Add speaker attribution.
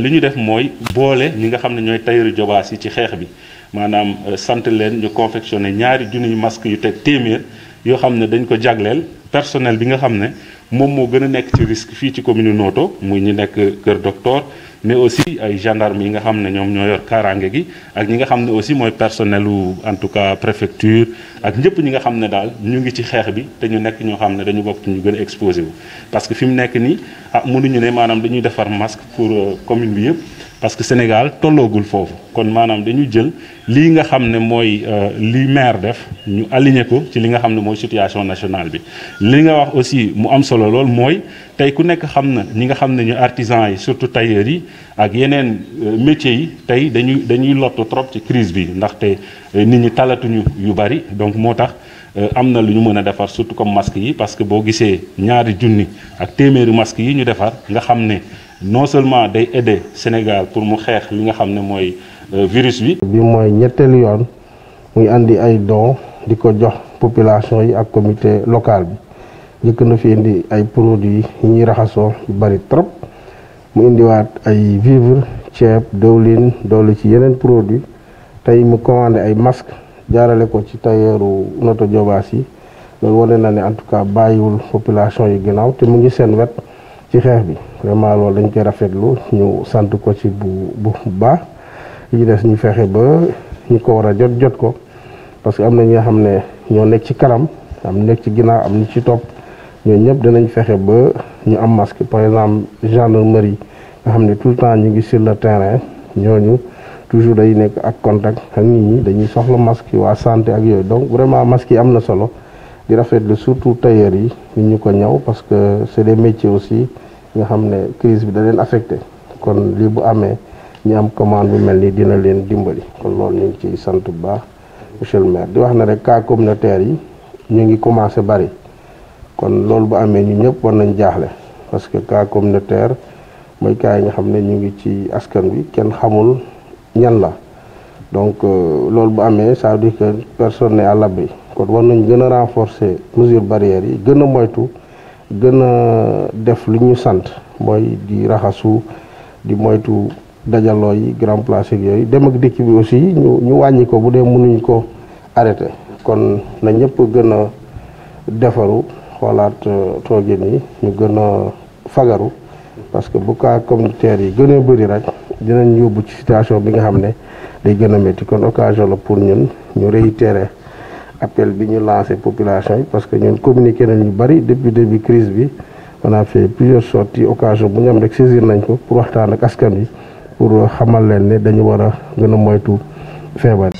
Speaker 1: li ñu def mooy boole ñi nga xam ne ñooy tailleur jobaas yi ci xeex bi maanaam euh, sant leen ñu confectionné ñaari junniy masque yu teg téeméer yoo xam ne dañ ko jagleel personnel bi nga xam ne moom moo gën a nekk ci risque fii ci commune Noto muy ñu nekk Kër Docteur mais aussi ay gendarmes yi nga xam ne ñoom ñoo yor kaaraange gi ak ñi nga xam ne aussi mooy personnel en tout cas préfecture ak ñëpp ñi nga xam ne daal ñu ngi ci xeex bi te ñu nekk ñoo xam ne dañu bokk ñu gën a exposé wu. parce que fi mu nekk nii ah mënuñu ne maanaam dañuy defar masque pour euh, commune bi yëpp parce que Sénégal tolloogul foofu kon maanaam dañu jël lii nga xam ne mooy euh, li maire def ñu aligné ko ci li nga xam ne mooy situation nationale bi li nga wax aussi mu am solo lool mooy. T'ay ku nekk xam na ñi nga xam ne ñu artisan yi surtout tailleur yi ak yeneen euh, métier yi tey dañuy dañuy lottu trop ci crise bi ndaxte euh, nit ñi talatuñu yu bari donc moo tax euh, am na lu ñu mën a defar surtout comme masque yi parce que boo gisee ñaari junni ak téeméeri masque yi ñu defar nga xam ne non seulement day aider Sénégal pour mu xeex li nga xam ne mooy virus bi.
Speaker 2: bi mooy ñetteelu yoon muy andi ay don di ko jox population yi ak comité local bi. njëkk na fi indi ay produits yi ñuy raxaso yu bari trop mu waat ay vivre ceeb dowlin dolli ci yeneen produit tey mu commandé ay masque jaarale ko ci tayeeru noto jobaas yi loolu na ne en tout cas bàyyiwul population yi ginnaaw te mu ngi seen wet ci xeex bi vraiment loolu dañ koy rafetlu ñu sant ko ci bu bu baax yi des ñu fexe ba ñu ko war jot jot ko parce que am ñi nga ñoo nekk ci karam am nekk ci ginnaaw am ni ci topp ñooñu ñëpp dinañ fexe ba ñu am masque par exemple gendarmerie nga xam ne tout le temps ñu ngi sur le terrain ñooñu toujours day nekk ak contact ak nit ñi dañuy soxla masque waa santé ak yooyu donc vraiment masque yi am na solo di rafetlu surtout tailleur yi ñu ñu ko ñaw parce que c' est des métiers aussi nga xam ne crise bi da leen affecté kon lii bu amee ñu am commande bu mel ni dina leen dimbali kon loolu ñu ngi ciy sant bu baax monsieur le maire di wax na rek cas communautaire yi ñu ngi commencé bari kon loolu bu amee ñu ñëpp war nañ jaaxle parce que cas communautaire mooy cas yi nga xam ne ñu ngi ci askan bi kenn xamul ñan la donc euh, loolu bu amee ça veut dire que personne n'est à kon war nañ gën a renforcer mesures barrières yi gën a moytu gën a def lu ñu sant mooy di raxasu di moytu dajaloo yi grand place ak yooyu dem ak dikk bi aussi ñu ñu wàññi ko bu dee mënuñ ko arrêté kon na ñëpp gën a defaru xoolaat euh, toogin yi ñu gën a fagaru parce que bu cas communautaire yi gën a bëri rek dinañ yóbbu ci situation bi nga xam ne day gën a métti kon occasion la pour ñun ñu tere appel bi ñu lancé population yi parce que ñun communiqué nañ lu bëri depuis début crise bi on a fait plusieurs sorties occasion bu ñu am rek saisir nañ ko pour waxtaan ak askan wi pour xamal leen ne dañu war a gën a moytu feebar.